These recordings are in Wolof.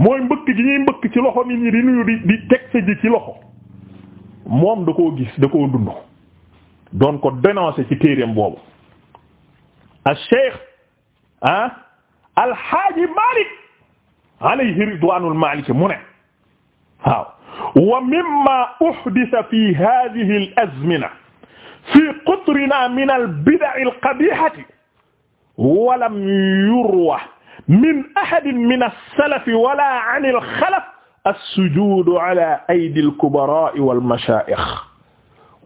mooy mbëkk gi ñuy mbëkk ci loxo nit ñi di nuyu di di teg ci loxo moom da koo gis da koo dund doon ko dénoncer ci téereem boobu a cheikh ah, malik alayhi ridwanul malik mu wa mimma uhdisa fi hadhihi al fi qutrina min al bid'a al qabihati wa min ahadin min as-salaf wala an al-xalaf as-sujuudu ala aydi al-kubaraa'i wal-mashaayix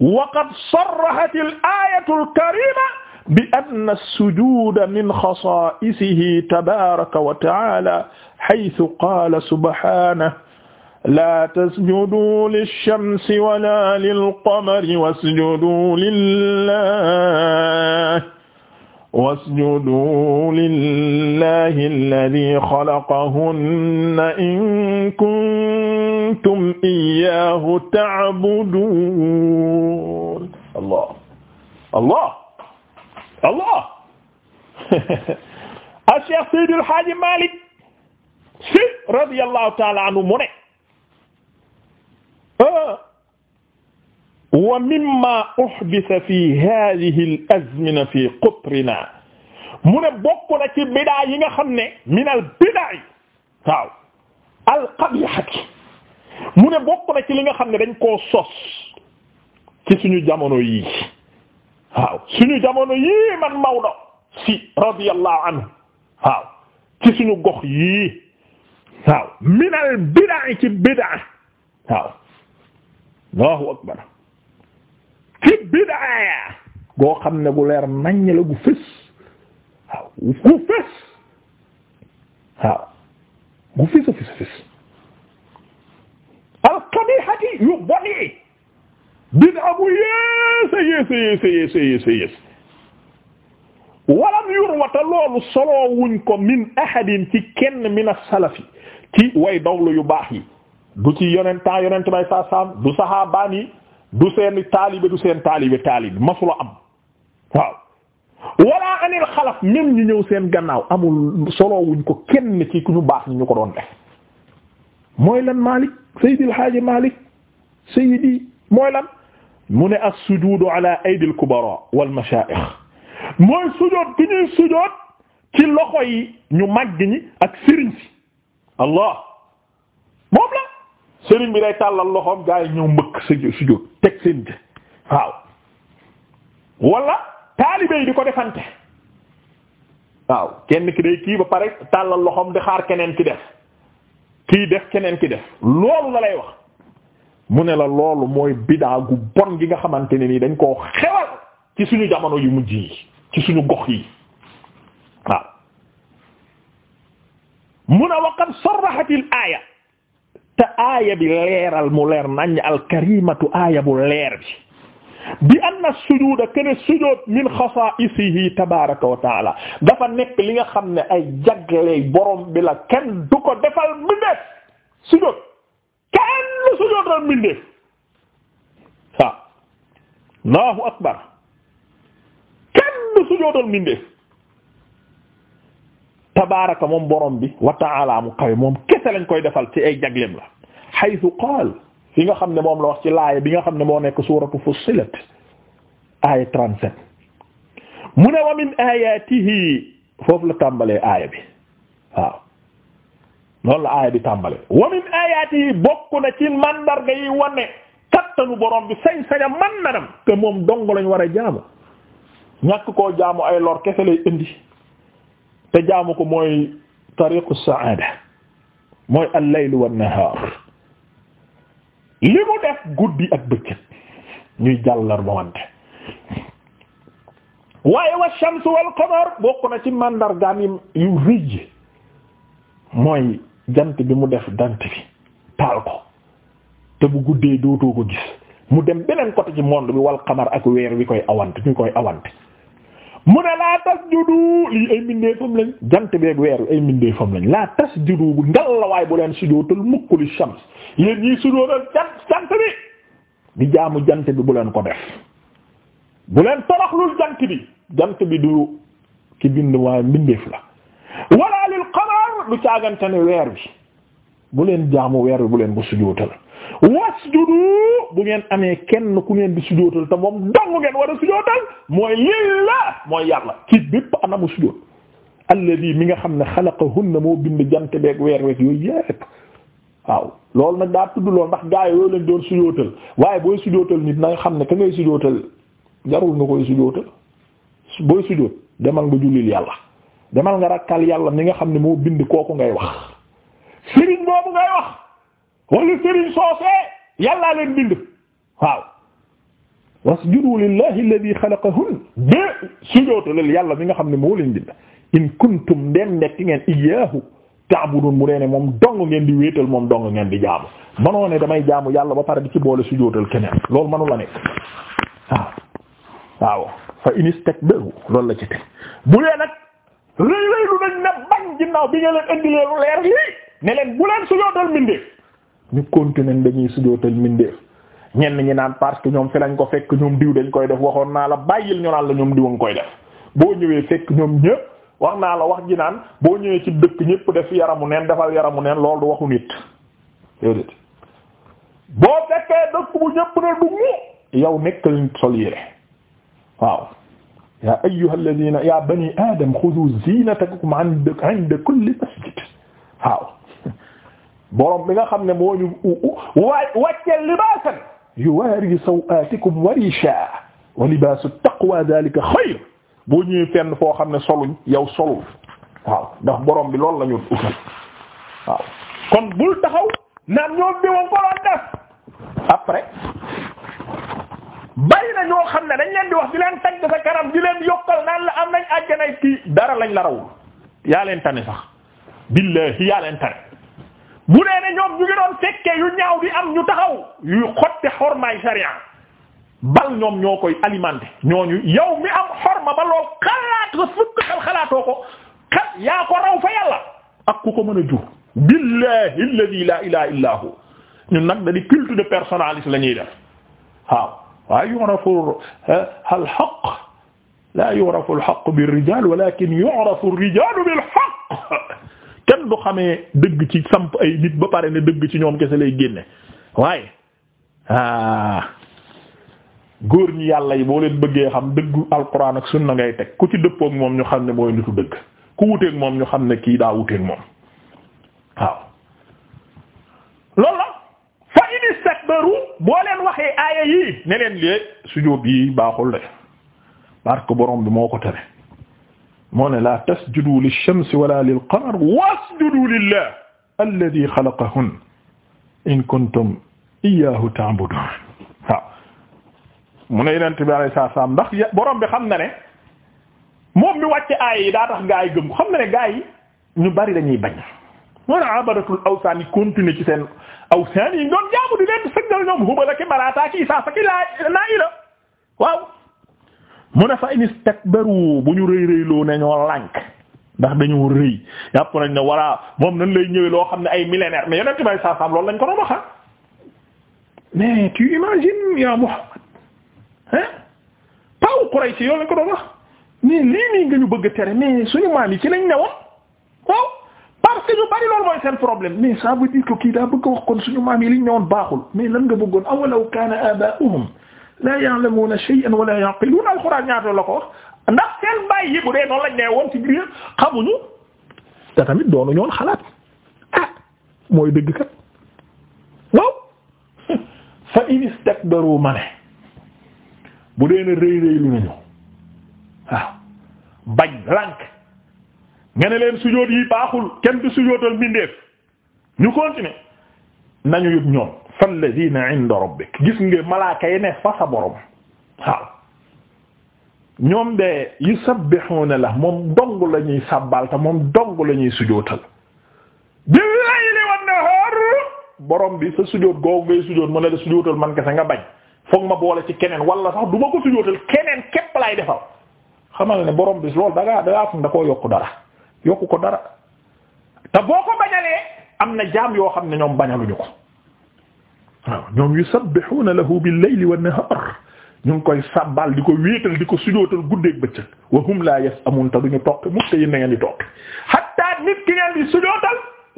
wa qad sarrahat al-aayatu al-kariima bi anna as-sujuuda min xasaa'isihi tabaaraka wa ta'aalaa haysu qaala subhaanahu laa tasjuduu lish-shamsi wa laa lil-qamari wasjuduu lillaah wasjuduu lillahi alladhi xalaqahunna in kuntum iyyaahu ta'buduun allah allah allah a Cheikh Seydil Haaji Malik Si radiyallahu ta'ala anhu mu ne wa mimma uhdisa fi hadhihi al azmina fi qutrina mu ne bokk na bidaa yi nga xam ne min al bidaa waaw al qabihati mu ne bokk na ci li nga xam ne dañ koo sos ci suñu jamono yii waaw jamono yii man Maodo si radiyallahu anhu waaw ci suñu gox yii waaw min bidaa ci akbar fi bidaaya goo xam ne gu leer naññ la gu fës waaw gu fës waaw gu a fës a fës al qabihati yu bon yi bidaa bu yéesa yéesa yéesa yéesa yéesa yéesa walam yurwata loolu soloo wuñ ko min ahadin ci kenn min as-salafi ci way dawlu yu baax yi du ci yonentaa yonent bay saa saam du saxaabaan yi du seen taalibe du seen taalibe taalibe masula am waaw wala anil xalaf même ñu ñëw seen gannaaw amul solowuñ ko kenn ci ku ñu baax ñu ko doon def mooy lan Malik Seydil Haaji Malik Seydi mooy lan mu ne as-sujuudu ala aydil kubara wal mashaayix mooy ki ñuy sujoot ci loxo yi ñu màgg ñi ak sëriñ si Allah sëriñ bi day tàllal loxoom gaa yi ñëw mbëkk su sujjóot teg seen waaw wala taalibe di ko defante waaw kenn ki day kii ba pare tàllal loxoom di xaar keneen ki def kii def keneen ki def loolu la lay wax mu ne la loolu mooy bidaa gu bon gi nga xamante ne nii dañ koo xewal ci suñu jamono yu mujj yi ci suñu gox yi waaw mun a waqad sarrahatil aaya te aaya bi leeral mu leer nañ alkarimatu aaya bu leer bi bi anna sujuuda kene sujuud min xasaa'isihi tabaaraka wa dafa nekk li nga xam ne ay jagley borom bila la kenn du ko defal mbindeef sujuud kenn sujuud dal mbindeef waaw akbar kenn sujuud dal tabaaraka moom borom bi wa ta'ala mu kawe moom kese lañ koy defal ci ay jagleem la haythu qaal fi nga xam ne moom la wax ci laaya bi nga xam ne moo nekk suuratu Fussilat aaya 37 mu ne wa min ayatihi foofu la tàmbalee aaya bi waaw loolu la aaya bi tàmbalee wa min ayatihi bokk na ci mandarga yi wane kattanu borom bi sañ-saña man naram te moom dong lañ war a jaamu ñàkk koo jaamu ay lor kese lay indi te jaamu ko mooy tariqu saada mooy al-layl wa li mu def guddi ak bëccëg ñuy jàllar ba waaye wa shamsu wal qamar bokk na ci màndargaam yi yu rëy mooy jant bi mu def dant bi taal ko te bu guddee dootoo ko gis mu dem beneen côté ci monde bi wal qamar ak weer wi koy awante ñu koy awante mu ne laa tasjudu lii ay mbindeefam lañ jant beeg weer wi ay mbindeefam lañ laa tasjudu bu ngallaawaay bu leen sujootal mukk li shams yéen ñii sujootal jant jant bi di jaamu jant bi bu leen ko def bu leen toroxlul jant bi jant bi du ki bind waaye mbindeef la wala lil du caagante weer wi bu leen jaamu weer wi bu leen ko sujootal. wasjudu bu ngeen amee kenn ku ngeen di sujootal te moom dong ngeen war a sujootal mooy lillah mooy yàlla ci bépp anamu sujoot alladi mi nga xam ne xalaqahunna moo bind jant beeg weer weeg yooyu yépp waaw loolu nag daa tudd loolu ndax gaa yi leen doon sujootal waaye booy sujootal nit na nga xam ne ka ngay sujootal jarul nga koy sujootal booy sujoot demal nga jullil yàlla demal nga rakkal yàlla mi nga xam ne moo bind kooku ngay wax sëriñ boobu ngay wax. wala sëriñ soosee yàllaa leen bind waaw wasjudu lillahi alladhi xalaqahun yàlla mi nga xam ne moo leen bind in kuntum ndeen nekk ngeen iyaahu ta'budun mu nee moom dong ngeen di wéetal moom dong ngeen di jaamu manoo damay jaamu yàlla ba pare di ci boole sujootal keneen loolu manu la nekk waaw waaw fa in istakbaru loolu la ci teg bu lee nag léeg-léeg nañ na bañ ginnaaw bi nga leen indilee leer lii ne leen bu leen sujootal mbindee ñu continuer dañuy sujootal mindeef ñenn ñi naan parce que ñoom fi lañ ko fekk ñoom diw dañ koy def waxoon naa la bàyyil ñu naan la ñoom diw nga koy def boo ñëwee fekk ñoom ñëpp wax naa la wax ji naan boo ñëwee ci dëkk ñëpp def yaramu neen defal yaramu neen loolu du waxu nit déedéet boo fekkee dëkk bu ñëpp ne du mu yow nekkal nit sol yére waaw yaa ayyuha alladhina ya bani adam khudhu zinatakum 'inda kulli masjid waaw borom bi nga xam ne moo ñu wàccee libaasan yuwaari sawaatikum wa riisha wa libaasu taqwa daalika xayr boo ñëwee fenn foo xam ne soluñ yow solul waaw ndax borom bi loolu la ñu utal waaw kon bul taxaw naan ñoom bi woon ko doon def après bari na ñoo xam ne dañ leen di wax di leen tagg sa kanam di leen yokkal naan la am nañ àjjanay kii dara lañ la rawul yaa leen tane sax billahi yaa leen tane bu dee ne ñoom ñu yu ñaaw bi am ñu taxaw yu xotte xormaay sharia bal ñoom ñoo koy alimenté ñooñu yow mi am xorma ba lool xalaat fukk xel xalaatoo ko xel raw fa yàlla ak ku ko mën a jur billahi alladhi illa hu ñun nag da di culte de personnalisme la ñuy def waaw waaye yu'rafu eh, al haqq la yu'rafu al haqq bir rijal walakin yu'rafu ar rijal bil haqq kenn du xamee dëgg ci samp ay nit ba pare ne dëgg ci ñoom kese lay génne waaye ah, góor ñi yàlla yi boo leen bëggee xam dëggu alquran ak na ngay teg ku ci dëppook moom ñu xam ne mooy nitu dëgg ku wuteeg moom ñu xam ne kii daa wuteeg moom waaw loolu la fa in istakbaru boo leen waxee aaya yii ne leen lee sujjóot yi baaxul de parce que borom bi moo ko tere moo la tasjudu lish-shamsi wala lil-qamar wasjudu lillahi alladhi khalaqahunna in kuntum iyyahu mu ne yeneen bi alayhi salaam ndax borom bi xam na ne moom mi wàcce aay yi daa tax gaa xam na ne gaa yi bari dañuy bañ moo ne abadatul awsaan yi continuer ci seen awsaan yi doon jaamu di leen sëggal ñoom Hubal ak Manaata ak Isaas ak Laayila waaw mu ne fa inistakbaru bu ñu rëy rëyloo ne ñoo lànk ndax dañoo rëy yàpp nañ ne walla moom nañ lay ñëwee loo xam ne ay millénaire mais yonent bay saa saam loolu lañ ko doon waxa ah. mais tu imagines ya Muhammad hein paw Quraysh yoolu lañ ko doon wax mais lii nii nga ñu bëgg tere mais suñu maam yi ci lañ ne woon waaw parce que ñu bari loolu mooy seen problème mais ça veut dire que kii daa bëgg a wax kon suñu maam yi liñ ne woon baaxul mais lan nga bëggoon awalaw kaana aba'uhum la ya'lamuna shay'an wa la ya'qiluna alxuraan ñaata la ko wax ndax seen bàyyi bu dee noonu lañ nee woon ci biir xamuñu te tamit doonu ñoon xalaat ah mooy dëgg kat waaw fa in istakbaru ma ne bu dee ne rëy rëy lu nañu waaw bañ lànk nga ne leen sujóot yi baaxul kenn du sujootal mbindeef ñu continuer nañu yëpp ñoom falladiina inda rabbik gis nga malaaka yi ne fa sa borom waaw ñoom de yusabbihuuna la moom dong la ñuy sabbal te moom dong la ñuy sujootal bil layli wan nahaar borom bi sa sujoot googu ngay sujoot mu ne la sujootal man kese nga bañ foog ma boole ci keneen walla sax du ko sujootal keneen képp laay defal xamal ne borom bi loolu da ngaa da ngaa foog koo yokku dara yokk ko dara te boo ko bañalee am na jaam yoo xam ne ñoom bañaluñu ko. waaw ñoom yusabbihuna lahu bil layli wan nahar ñu koy sabbal di ko wéetal di ko sujootal guddeeg bëccëg wa hum la yasamun duñu toqi mukk te yéen na ngeen di toqi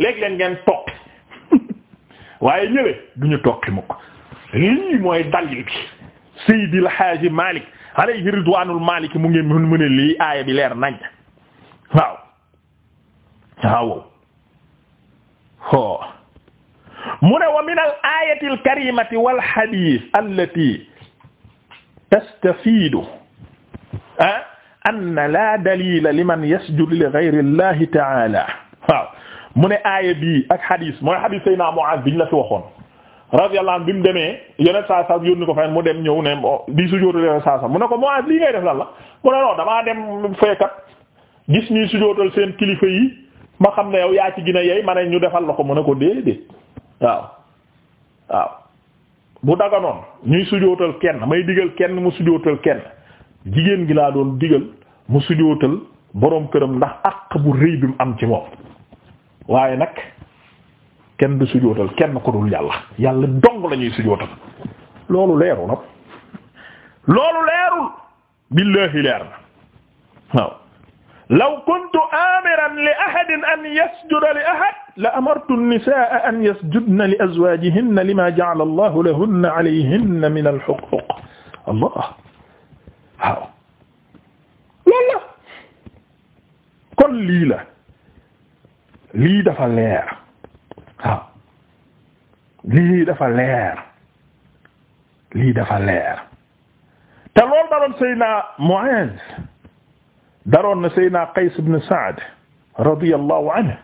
leen ngeen toqi waaye ñëwee duñu toqi mukk lii mooy dalil bi Seydi El Hadji Malick alayhi ridwanul Malik mu ngi mu ne lii aaya bi leer nañ waaw waaw mu ne wa min al ayati al karimati wal hadith allati tastafidu ah anna la dalila liman li ghayri llahi ta'ala mu ne aaya bii ak hadith mooy hadith sayna Mu'adh biñ la fi waxoon radiyallahu anhu bi mu demee yeneen saa saa yónni ko fenn mu dem ñëw ne di sujjóotal yeneen saa saa mu ne ko Mu'adh lii ngay def lan mu ne non damaa dem feekat gis ñuy sujjóotal seen kilifa yi ma xam ne yow yaa ci gën yey ma ne ñu defal la ko mu ne ko déedéet waaw waaw bu daganoon ñuy sujootal kenn may digal kenn mu sujootal kenn jigéen gi laa doon digal mu sujootal boroom këram ndax àq bu rëy bi mu am ci moom waaye nag kenn du sujootal kenn ko dul yàlla yàlla dong la ñuy sujootal loolu leerul am loolu leerul billaahi leer na waaw law kuntu amiran li ahadin an yasjuda li ahad la amartu an-nisaa an yasjudna li azwaajihinna lima ja'ala Allahu lahunna alayhinna min al-huquuq Allah waaw loolu la kon lii la lii dafa leer waaw lii dafa leer lii dafa leer te loolu daroon Seydina Mu'aaz daroon na Seydina Qays ibn Sa'd radiyallahu anhu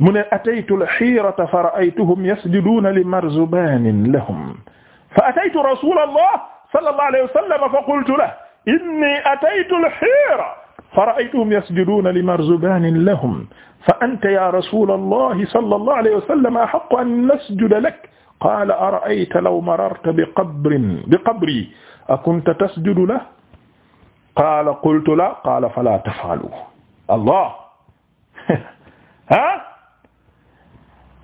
mu ne ataytu al-hiirata fa ra'aytuhum yasjuduuna li marzubaanin lahum fa ataytu rasuulallah sallallahu alayhi wa sallam fa qultu lahu innii ataytu al-hiira fa ra'aytuhum yasjuduuna li marzubaanin lahum fa anta yaa rasuulallah sallallahu alayhi wa sallam ahaqqu an nasjuda lak qaala ara'ayta law mararta biqabrin biqabrii akunta tasjudu lahu qaala qultu laa qaala falaa taf'aluu allah ha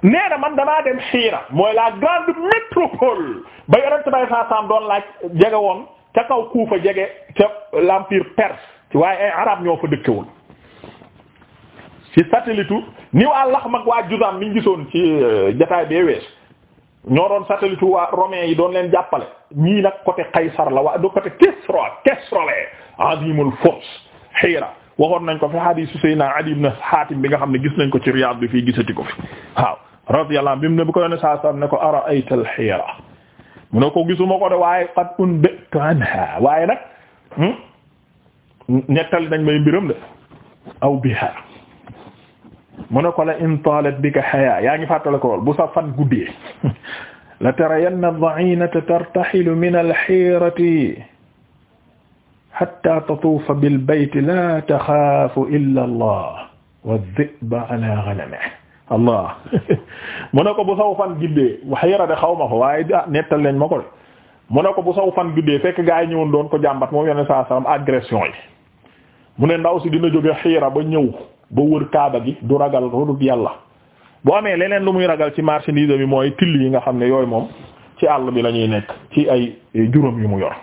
nee na man damaa dem Chine mooy la grande métropole ba yonent bay saa doon laaj jege woon ca kaw Kuufa jege ca l'empire perse waaye ay arab ñoo fa dëkkewul ci satellite ni waa Laxmak waa Juzam mi gisoon ci euh, jataay bee wees ñoo doon satellite waa romain yi doon leen jàppale ñii nag côté Qaysar la waa du côté Kisra Kisra la azimul furs waxoon nañ ko fi hadiisu Seydina Adi ibn Hatim bi nga xam ne gis nañ ko ci Riyad bi fii gisati ko fi waaw radiyallahu anhu bi mu ne bu ko yónnee saa saam ne ko ara aytal xiira mu ne ko gisuma ko de waaye qad unbitu anha waaye nag hmm, nettali nañ may mbiram de aw biha mu ne ko la in talat bika haya yaa ngi fàttale ko lool bu sa fan guddee la tarayanna ad-da'inata tartahilu min al-hirati hatta tatufa bil bayt la taxaafu illa Allah wa dhi'ba ala ghanamihi allah mu ne ko bu saw fan giddee xayira de xaw ma ko waaye ah nettal lañ ma ko de mu ne ko bu saw fan giddee fekk gaa yi ñëwoon doon ko jàmbat moom yeneen saa salaam agression yi mu ne ndaw si dina jóge xayira ba ñëw ba wër kaaba gi du ragal rudut yàlla boo amee leneen lu muy ragal ci marchandise bi mooy till yi nga xam ne yooyu moom ci àll bi la ñuy nekk ci ay juróom yu mu yor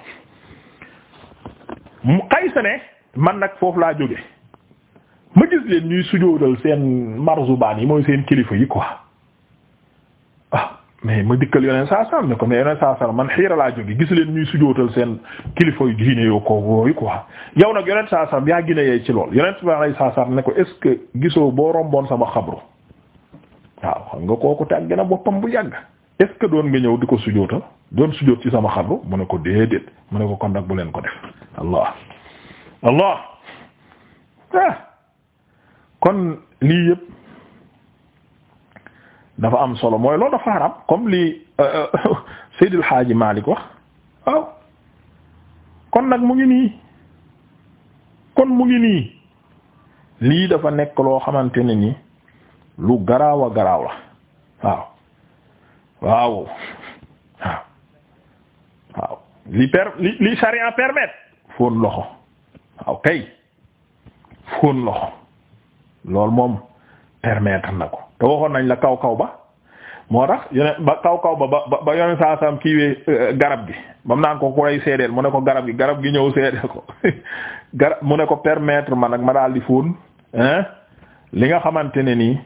mu xaysa ne man nag foofu laa jóge ma gis leen ñuy sujoodal seen marzubaan yi mooy seen kilifa yi quoi ah, mais ma dikkal yoneen saa saam ne ko mais yoneen saa man xiira jóge gis leen ñuy sujoodal seen kilifa yu diine yoo ko wooyu quoi yow nag yoneen saa saam yaa gina yee ci lool yoneen saa saam ne ko est-ce que gisoo boo romboon sama xabru waaw xam nga kooku te ak gën a boppam bu yàgg est-ce que doon nga ñëw di ko sujootal doon sujoot ci sama xabru mu ne ko déedéet mu ne ko kon bu leen ko kon lii yëpp dafa am solo mooy loolu dafa xaram comme lii euh, euh, Seydil Hadji Malick wax kon nag mu ngi nii kon mu ngi nii lii dafa nekk loo xamante ne nii lu garaaw a garaaw la waaw waaw waaw waaw li per li li charia permettre fóon loxo waaw kay fóon loxo loolu moom permettre na ko te waxoon nañ la kaw kaw ba moo tax yone ba kaw kaw ba ba ba yone saa saam kiiwee euh, garab gi bam naa ko ku lay seedeel mu ne ko garab gi garab gi ñëw seedeel ko garab mu ne ko permettre ma nag ma daal di fóon hein li nga xamante ne nii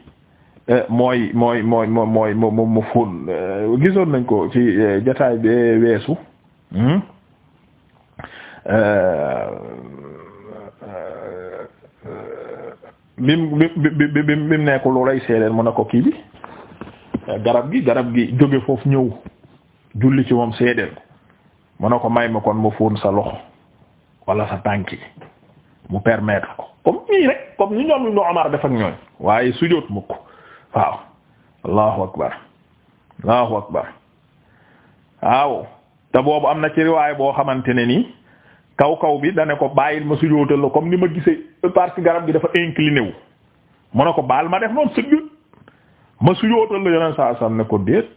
euh, mooy mooy mooy mooy mooy mu fóon euh, gisoon nañ ko ci jataay bee weesu hmm, bim bi bi mu nekkul lu lay seedeel mu ne ko kii bi eh, garab gi garab gi jóge foofu ñëw julli ci moom seedeel ko mu ne ko may ma kon mu fóon sa loxo wala sa tànk mu permettre ko comme nii rek comme ni ñoom ñu Omar def ak ñooñ waaye sujóot mukk waaw allahu akbar allahu akbar waaw te boobu am na ci riwaay boo xamante ne nii kaw kaw bi dane ko bàyyil ma sujootal la comme ni ma gisee parce garab gi dafa incliné wu mu ne ko baal ma def noonu sujjóot ma sujjóotal la yoneen saa ne ko déet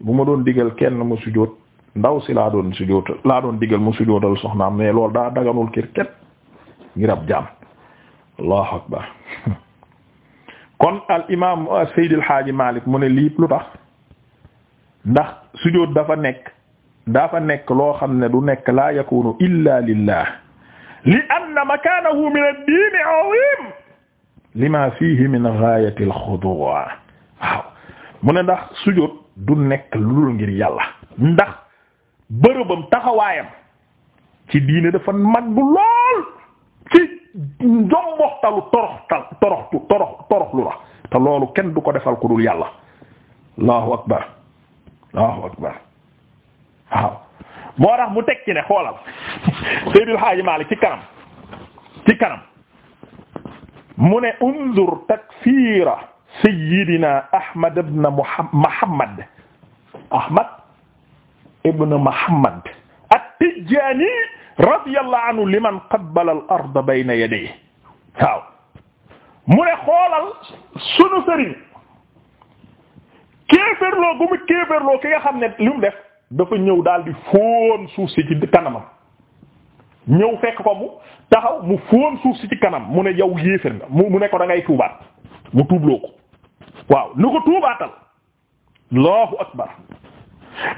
bu ma doon digal kenn ma sujjóot ndaw si laa doon sujjóotal laa doon digal ma sujjóotal soxnaam mais lool daa daganul kër ket ngir ab jaam allahu akbar kon al imaam euh, Seydi El Hadji Malick mu ne lii lu tax ndax sujjóot dafa nekk dafa nekk loo xam ne du nekk laa yakunu illa lillah li anna makaanahu min ad-diini aziim lima fiihi min gaayati al-xuduu' waaw mu ne ndax sujjóot du nekk lu dul ngir yàlla ndax bërëbam taxawaayam ci diine dafa mag bu lool ci njomboxtalu toroxtal toroxtu torox toroxlu la te loolu kenn du ko defal ku dul yàlla allahu akbar allahu akbar waaw moo tax mu tekki ne xoolal Seydil Haaji ci kanam ci kanam mu ne unzur takfiira sayyidina Ahmad ibn Muhammad Ahmad ibn Muhammad at-Tijaani radiyallahu anhu liman qabbala al-ard bayna yadayhi waaw mu ne xoolal sunu sëriñ kéefërloo gu mu kéefërloo ki nga xam ne lu def dafa ñëw daal di fóon suuf si ci kanamam ñëw fekk ko mu taxaw mu fóon suuf kanam mu ne yow yéefér nga mu ne ko da ngay mu tuubloo ko waaw nu ko tuubaatal allahu akbar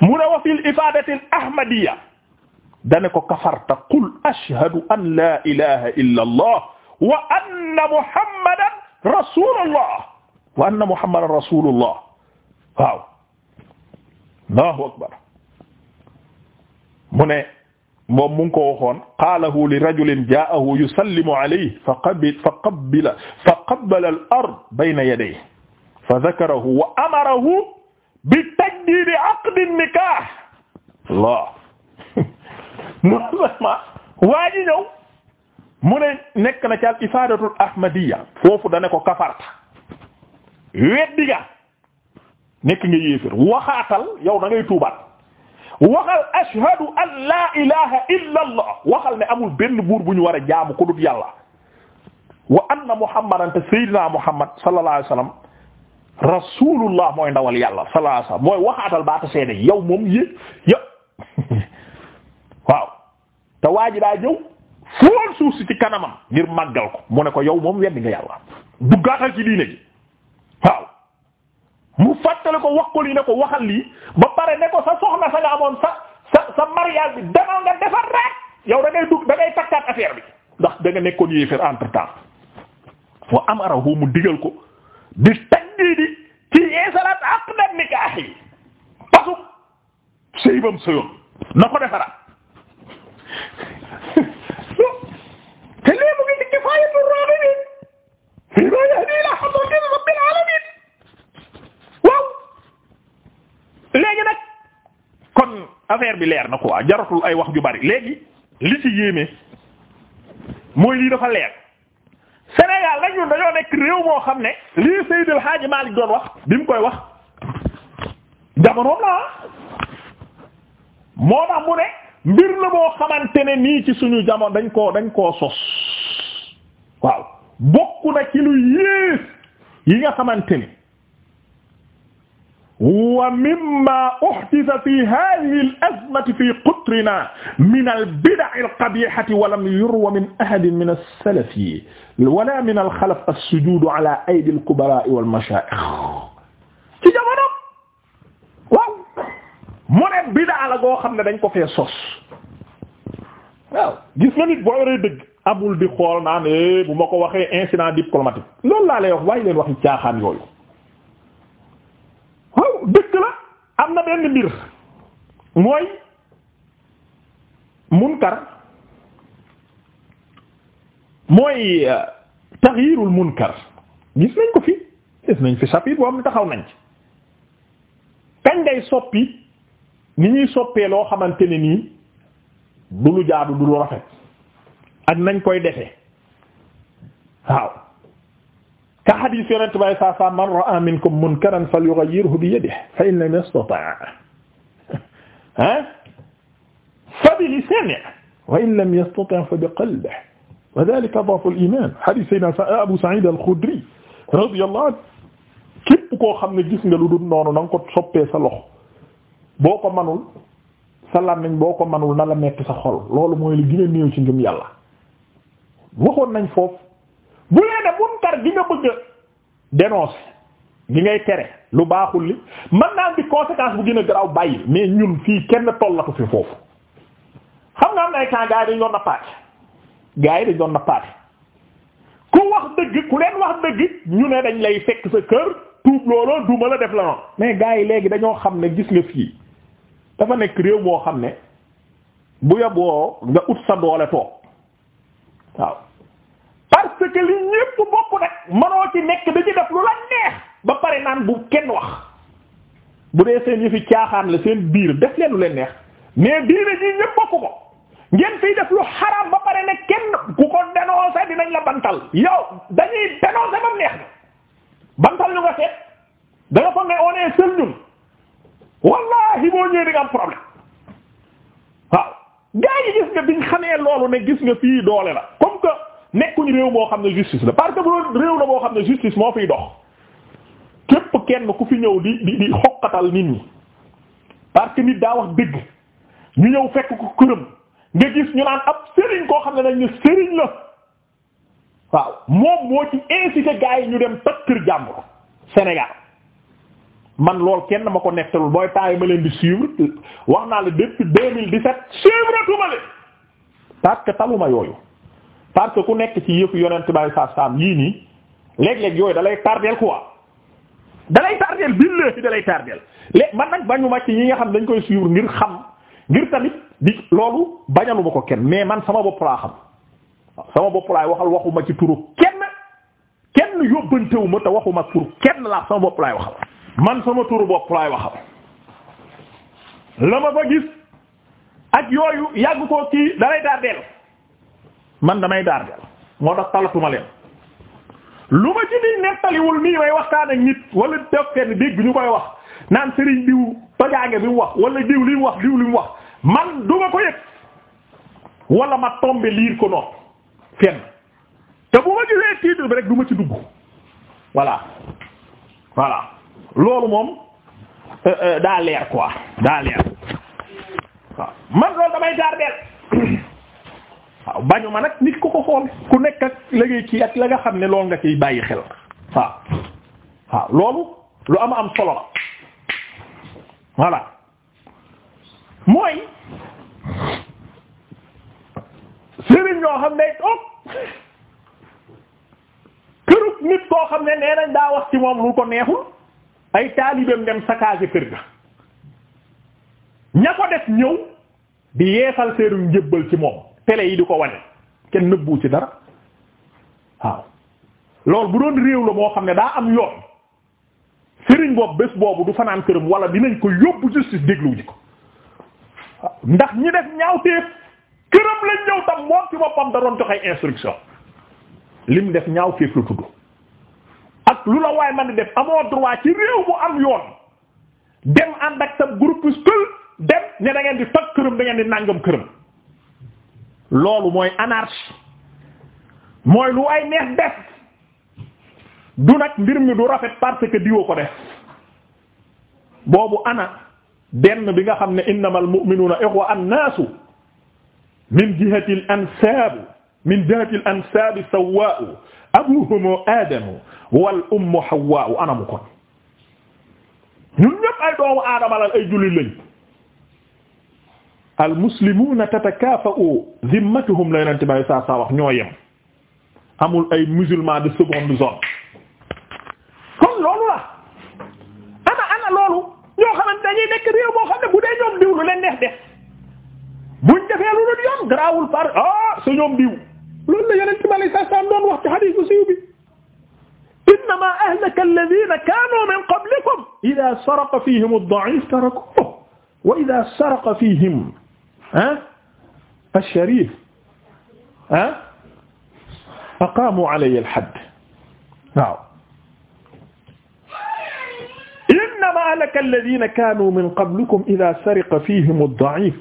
mu ne wa fil ifadati al ahmadiyya an la ilaha illa allah wa anna muhammadan rasulullah wa anna muhammadan rasulullah waaw allahu akbar mu ne moom mu ngi ko waxoon qaalahu li rajulin jaahu yusallimu alayhi fa qabil fa qabila fa qabala al ard bayna yadayhi fa dakarahu wa amarahu bi tajdiidi aqdi nikaah Allah non vraiment waa ji ñëw mu ne nekk na ci al ifaadatul ahmadiyya foofu dane ko kafarta weddi nga nekk nga yéefér waxaatal yow da ngay tuubaat waxal ashhadu an la ilaha illa waxal ne amul benn buur bu ñu war a jaamu ku dul yàlla wa anna muhammadan te sayyidina muhammad sallallahu mooy ndawal yàlla sallallahu alayhi wasallam mooy waxaatal baata seede yow moom yé yëpp waaw te waa ji daa fool suuf si kanamam ngir màggal ko mu ne ko yow moom weddi nga yàlla duggaatal ci diine ji fàttali ko wax yi ne ko waxal lii ba pare ne ko sa soxna sa nga amoon sa sa sa bi demal nga defar rek yow da ngay dugg da ngay takkaat affaire bi ndax da nekkoon yéefér entre temps wa amarahu mu digal ko di tajdiidi ci yeesalaat aqdan nikaah yi pasu sëybam sëyoon na ko defaraat te léemu ngi dikki fayitu rabi bi fii ma yahdi ila léegi nag kon affaire bi leer na ko quoi jaratul ay wax ju bari léegi li ci yéeme mooy lii dafa leer Sénégal nag ñun dañoo nekk réew moo xam ne lii Seydil Hadji Malick doon wax bi mu koy wax jamonoom la ah. moo tax mu ne mbir la boo xamante ne nii ci suñu jamono dañ koo dañ koo sos waaw bokk na ci lu yées yi nga xamante ni wa mimma uhditha fi hadhihi al-azmati fi qutrina min al-bida'i al-qabihati wa lam yurwa min ahadin min as-salafi wala min al-khalaf as-sujudu ala aydi al-kubara'i wal-mashayikh ci jamono waaw mu ne bidaa la goo xam ne dañ ko fee sos waaw gis na nit boo yoree dëgg amul di xool naan eh, bu ma ko waxee incident diplomatique loolu laa lay wax waaye leen waxi caaxaan yooyu am na benn mbir mooy munkar mooy euh, taxyirul munkar gis nañ ko fi gis nañ fi chapitre boo am ni taxaw nañ ci kañ ngay soppi ni ñuy soppee loo xamante ne nii du lu jaadu du lu rafet ak nañ koy defe waaw ka hadis yonent bay saa saa man ra'a minkum munkaran falyughayyirhu bi yadihi fa in lam yastati' ah fa bi lisanihi wa in lam yastati' fa bi qalbihi wa dhalika adhafu al-iman hadis sayyidina Abu Sa'id al-Khudri radiyallahu anhu képp koo xam ne gis nga lu dul noonu na nga ko soppee sa loxo boo ko manul sa làmmiñ boo ko manul na la metti sa xol loolu mooy li gën a néew ci ngëm yàlla waxoon nañ foofu bu leen ne munkar gi nga bëgg a dénoncer gi ngay tere lu baaxul li man naa bi conséquence bu gën a garaaw bàyyi mais ñun fii kenn tollatu fi foofu xam nga am na ay gaa gars yi dañ doon na paate gars yi dañ doon na paate ku wax dëgg ku leen wax dëgg ñu ne dañ lay fekk sa kër tuub looloo duma a def la noonu mais gars yi léegi dañoo xam ne gis nga fii dafa nekk réew moo xam ne bu yoboo nga ut sa doole toog waaw parce que li ñépp bokk nag mënoo ci nekk da ci def lu la neex ba pare naan bu kenn wax bu dee seen yëfi caaxaan la seen biir def leen lu leen neex mais diine kenn ku ko dénoncé dinañ la bantal yow dañuy dénoncé ba mu neex bantal ñu nga seet da nga foog ne on ñun wallahi boo ñëwee di problème waaw gaa yi gis nga biñ xamee loolu ne gis nga fii doole la. nekkuñ réew moo xam ne justice la parce que bu réew la boo xam ne justice moo fiy dox képp kenn ku fi ñëw di di di xoqatal nit ñi parce que nit daa wax dëgg ñu ñëw fekk ko këram nga gis ñu naan ab sëriñ koo xam ne dañ ne sëriñ la waaw moom moo ci incité gars yi ñu dem toj kër jàmbur Sénégal man lool kenn ma ko nettalul booy taay ma leen di suivre wax naa la depuis 2017 suivre tuma parce que taluma yooyu. parce ku nekk ci yëpp yonent bay saa sam yii nii léeg-léeg yooyu dalay tardeel quoi dalay tardeel billahi dalay tardeel léeg man nag bañu ma ci ñi nga xam dañ koy suivre ngir xam ngir tamit di loolu bañalu ko kenn mais man sama bopp laa xam sama bopp laay waxal waxuma ci turu kenn kenn yóbbantewu ma te waxuma pour kenn laa sama bopp laay waxal man sama turu bopp laay waxal la ma ba gis ak yooyu yàgg koo kii dalay tardeel man damay daargal moo tax talatuma leen lu ma ci di nettaliwul nii may waxtaan ak nit wala def kenn dégg ñu koy wax naan sëriñ diw tojaange bi mu wax wala diw li wax diw li wax man du ko yëg wala ma tombe liir ko noonu fenn te bu ma gisee bi rek du ci dugg voilà voilà loolu moom euh, euh, daa leer quoi daa leer man loolu damay gaar del waaw bañu ma nag nit ku ko xool ku nekk ak la ci kii ak la nga xam ne loolu nga ciy bàyyi xel waaw waaw loolu lu am am solo la voilà mooy sëriñ ñoo xam ne toog oh kërug nit koo xam ne nee nañ daa wax ci moom lu ko neexul ay taalibeem dem saccager kër ga ña ko def ñëw di yeesal seenu njëbbal ci moom télé yi di ko wane kenn nëbbu ci dara waaw loolu bu doon réew la moo xam ne daa am yoon sëriñ boobu bés boobu du fanaan këram wala dinañ ko yóbbu justice déglu ji ko ndax ñi def ñaawteef këram lañ ñëw boppam da doon joxe instruction lim def ñaawteef la tudd ak lu la waay man def amoo droit ci réew bu am yoon dem ànd ak sa groupuscule dem ne da ngeen di toj këram da ngeen di nàngam këram. loolu mooy anarchie mooy lu ay neex def du nag mbir mi du rafet parce que diwo ko def boobu ana benn bi nga xam ne innamal mu'minuna ikhwa an-naasu min jihati al min jihati al-ansaab sawwaa'u abuhum aadamu wal ummu hawwaa'u anamu kon ñun ñëpp ay doomu aadama la ay jullit lañ al muslimuuna tatakaafa'u zimmatuhum la yonente bi saa saa wax ñoo yem amul ay musulman de seconde zone kon loolu la ana ana loolu ñoo xamante dañuy nekk réew boo xam ne bu dee ñoom diw lu leen neex def buñ defee lu dul yoon garaawul par ah sa ñoom diw loolu la yonente bi saa saa doon wax ci hadiis bu siiw bi innamaa ahlaka allaziina kaanuu min qablikum izaa saraqa fiihim ad-da'iif tarakuuhu wa izaa saraqa fiihim ah alsharif ah aqaamu alayhi alhadd waaw innama ahlaka alladhina kanu min qablikum idha sariqa fihim ad-da'if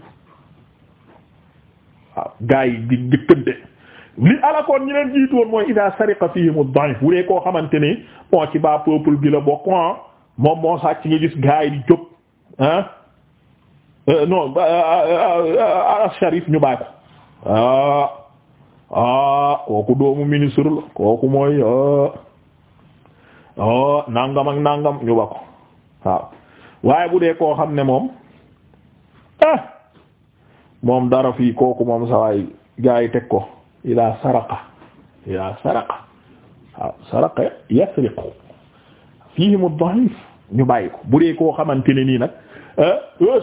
waaw gaa yi di dikkante li alakoon ñi leen jiitu woon mooy idha sariqa fihim ad-da'if bu dee koo xamante ni moo ci baa peuple bi la bokk ah, moom moo sàcc nga gis gaa yi di jóg ah Euh, non euh, euh, Sharif ñu bàyyi ko ah, ah, kooku doomu ministre la kooku mooy ah, ah nangam ak nangam ñu ba ko waaw waaye bu dee koo xam ne moom moom dara fii kooku moom sa waay gaa yi teg ko ilaa saraqa ilaa saraqa saraqa yasriqu fiihimu dha'if ñu bàyyi ko bu dee koo xamante ne nii nag.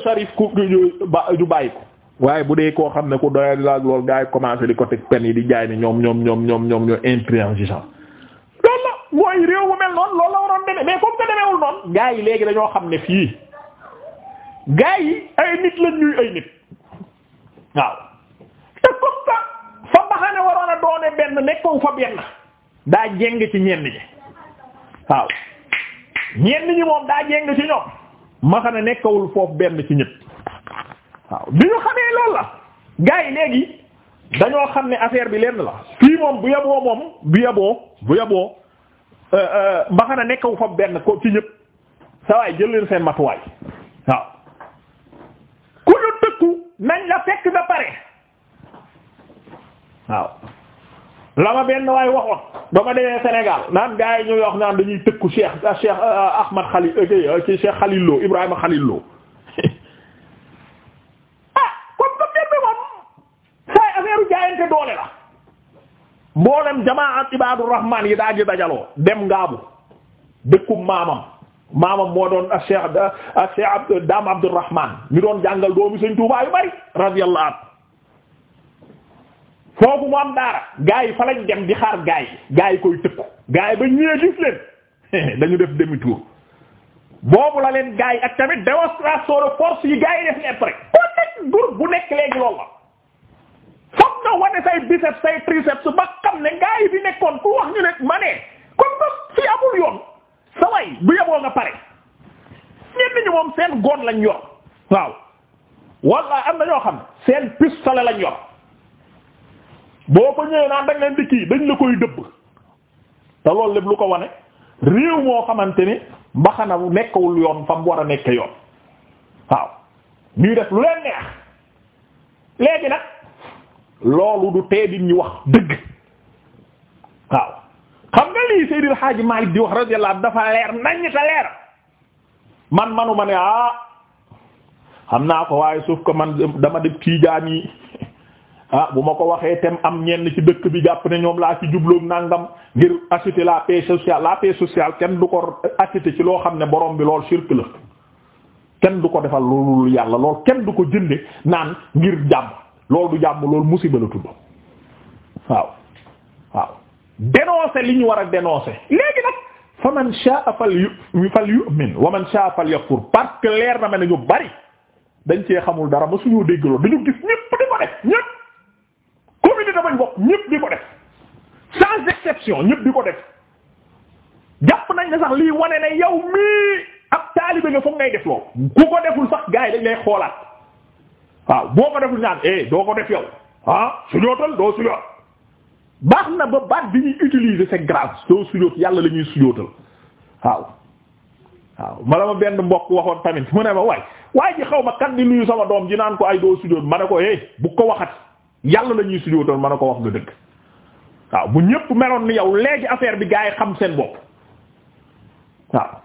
sharif ku ñu bàyyi ko waaye bu dee koo xam ne ku doyal la lool gaa yi commencé di ko teg pen yi di jaay ne ñoom ñoom ñoom ñoom ñoom ñoo intransigeant loolu la mooy waroon deme mais comme que demewul noonu gaa yi léegi dañoo xam ne fii gaa yi ay nit lañ ñuy ay nit waaw te comme ça fa mbaxane waroon a doone benn nekkoon fa benn daa jeng ci ñenn ñi waaw ñenn ñi moom daa jeng ci ñoom ma xam nekkawul foofu benn ci ñëpp waaw bi ñu xamee loolu la gars yi léegi dañoo xam ne affaire bi lenn la fii moom bu yaboo moom bu yaboo bu yaboo euh, euh, ma xam foofu benn ko ci ñëpp sa waay jël leen seen matuwaay waaw ku ñu dëkku nañ la fekk ba pare waaw la ma benn waay waxoon demee Sénégal naan gars yi ñuy naan dañuy tëkku Cheikh ah, Cheikh ah, Ahmad Khalil ci euh, euh, Cheikh Khalil Lo Ibrahima Lo ah kon comme dem bi moom saay affaire jaayante doole la mboolem jamaat Ibaadu Rahmaan yi daa di dajaloo dem ngaabu dëkkum maamam maamam moo doon ah, Cheikh Cheikh Dame Abdourahman mi doon jàngal doomi Sëriñ Tuubaa yu radiyallahu foofu mu am daara gaa yi fa lañ dem di xaar gaa yi gaay yi koy tëkku gaa ba ñëwee gis leen dañu def demi tour boobu la leen gaa yi ak tamit démonstration de force yi gaa yi def ne après kon nag groupe bu nekk léegi loolu la foog nga wane say biceps say triceps ba xam ne gaa yi nekkoon ku wax ñu ne ma ne kon ba fi yoon sa way bu yeboo nga pare ñenn ñi moom seen goon lañ yor waaw walla am na ñoo xam seen pistolet lañ yor boo ko ñëwee naan dañ leen di kii dañ la koy dëbb te loolu lépp lu ko wane réew moo xamante ni mbaxana bu nekkawul yoon fa mu war a nekk yoon waaw ñuy def lu leen neex léegi nag loolu du tee di ñu wax dëgg waaw xam nga lii Seydil Hadji Malick di wax radiyallahu dafa leer nañ ta leer man manuma ne ah xam naa ko waaye suuf ko man dama def tiijaan yi ah bu ma ko waxee tem am ñenn ci dëkk bi jàpp ne ñoom laa ci jubloog nangam ngir acheter la paix sociale la paix social kenn du ko acheter ci loo xam ne borom bi lool sirk la kenn du ko defal loolu yàlla lool kenn du ko jënde naan ngir jàmm loolu du jàmm loolu musiba la tudd waaw waaw dénoncer li ñu war a dénoncer léegi nag fa man sha'a fal yu'min wa man sha'a fal yakfur parce que leer na ma ne ñu bari dañ cee xamul dara ba suñu dégg loolu dañu nit a bañ bokk ñépp di ko def sans exception ñépp di ko def jàpp nañ ne sax lii wane ne yow mii ab taalibe nga foog ngay def lool ku ko deful sax gars yi dañ xoolaat waaw boo ko deful ñaan eh doo ko def yow ah sujootal doo sujoot baax na ba baat bi ñuy utiliser c'est grave doo yàlla la ñuy sujootal waaw waaw la ma benn mbokk waxoon tamit mu ne ma waay waaye ji xaw ma kan di nuyu sama doom ji naan ko ay doo sujoot ma ne ko eh bu ko waxat yàlla si ñuy sujjóotal mën a ko wax nga dëgg waaw bu ñëpp meloon ni yow léegi affaire bi gaa yi xam seen bopp waaw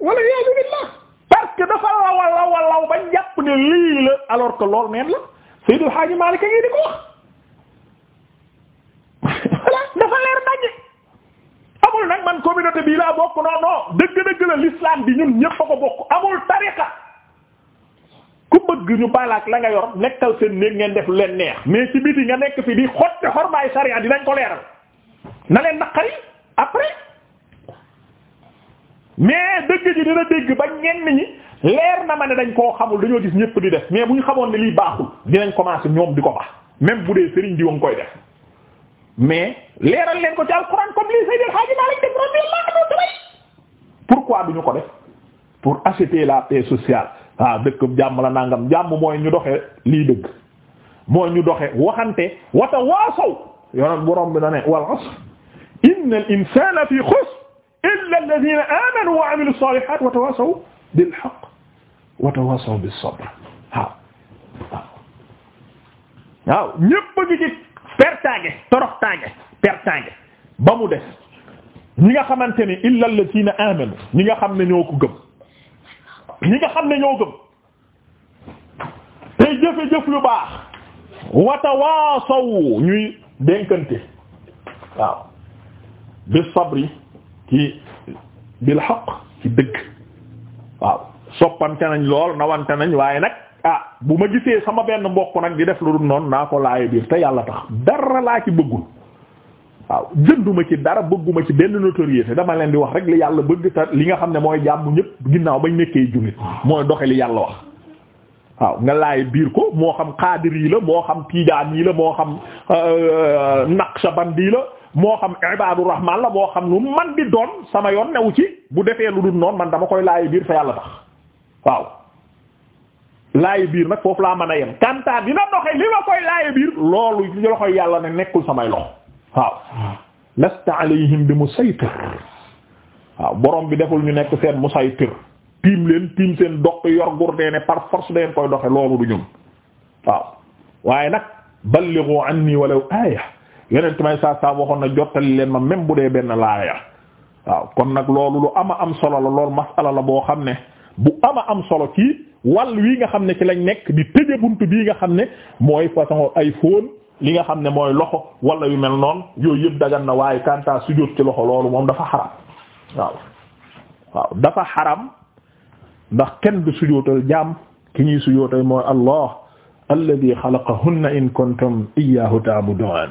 wala yaalu billah parce que dafa lawal lawal law ba jàpp ne lii la alors que lool neen la Seydou El Hadji Malick ngi di ko wax dafa leer naññe amul nag man communauté bii laa bokk non non dëgg-dëgg la l'islam bi ñun ñëpp a ko bokk amul tariqa ku bëgg ñu balaak la nga yor nekkal seen néeg ngeen def leen neex mais ci biti nga nekk fii di xotte xormaay sariya dinañ ko leeral na leen naqari après mais dëgg ji dina dégg ba ngeen ñi leer na ma ne dañ koo xamul dañoo gis ñëpp di def mais bu ñu xamoon ne lii baaxul dinañ commencer ñoom di ko baax même bu dee sëriñ di woon koy def mais leeral leen ko ci alxuraan comme lii Seydil Hadji Malick def radiyallahu anhu pourquoi du ñu ko def pour acheter la paix sociale waaw ah dëkkub jàmm la nangam jàmm mooy ñu doxe lii dëgg mooy ñu doxe waxante watawaasaw yonen borom bi na ne wal asr inna al insana fi xusr illa alladhina waaw waaw ñépp a ngi ci pertaange toroxtaange pertaange ba mu des ñi nga xamante ni illa alladhina amanu ñi nga xam ne ñoo ko gëm ñi nga xam ne ñoo gëm tey jëfe-jëf lu baax watawaasaw ñuy dénkante waaw bi sabri ci bil ci dëgg waaw soppante nañ lool nawante nañ waaye nag ah bu ma gisee sama benn mbokk nag di def lu dul noonu naa ko laay biir te yàlla tax dara laa ci bëggul waaw jënduma ci dara bëgguma ci benn notoriété dama leen di wax rek li yàlla bëgg ta li nga xam ne mooy jàmm ñëpp ginnaaw bañ nekkee jullit mooy doxe li yàlla wax waaw nga laay biir ko moo xam xaadir yi la moo xam tiijaan yi la moo xam sa euh, euh, naqshbandi la moo xam ibaadu rahmaan la moo xam nu man di doon sama yoon newu ci bu defee lu dul noonu man dama koy laay biir sa yàlla tax waaw laay biir nag foofu laa man a yem kantaa dina doxe li ma koy laay nekkul samay loxo waaw lasta alayhim bi musaytir waaw borom bi deful ñu nekk seen musaytir tiim leen tiim seen doq yor dee ne par force deen koy doxe loolu du ñun waaw waaye nag ballighu anni walaw walla yonent may saa saa waxoon na jottali leen ma même bu dee benn laaya waaw kon nag loolu lu ama am solo la lool masala la boo xam ne bu ama am solo ci wal wii nga xam ne ci lañ nekk di tëje bunt bii nga xam ne mooy façon ay fóon li nga xam ne mooy loxo wala yu mel noon yooyu yëpp dagan na waaye kanta sujjóot ci loxo loolu moom dafa xaram waaw waaw dafa xaram ndax kenn du sujjóotal jaam ki ñuy sujjóotal mooy allah alladi xalaqahunna in kuntum iyyahu ta'budun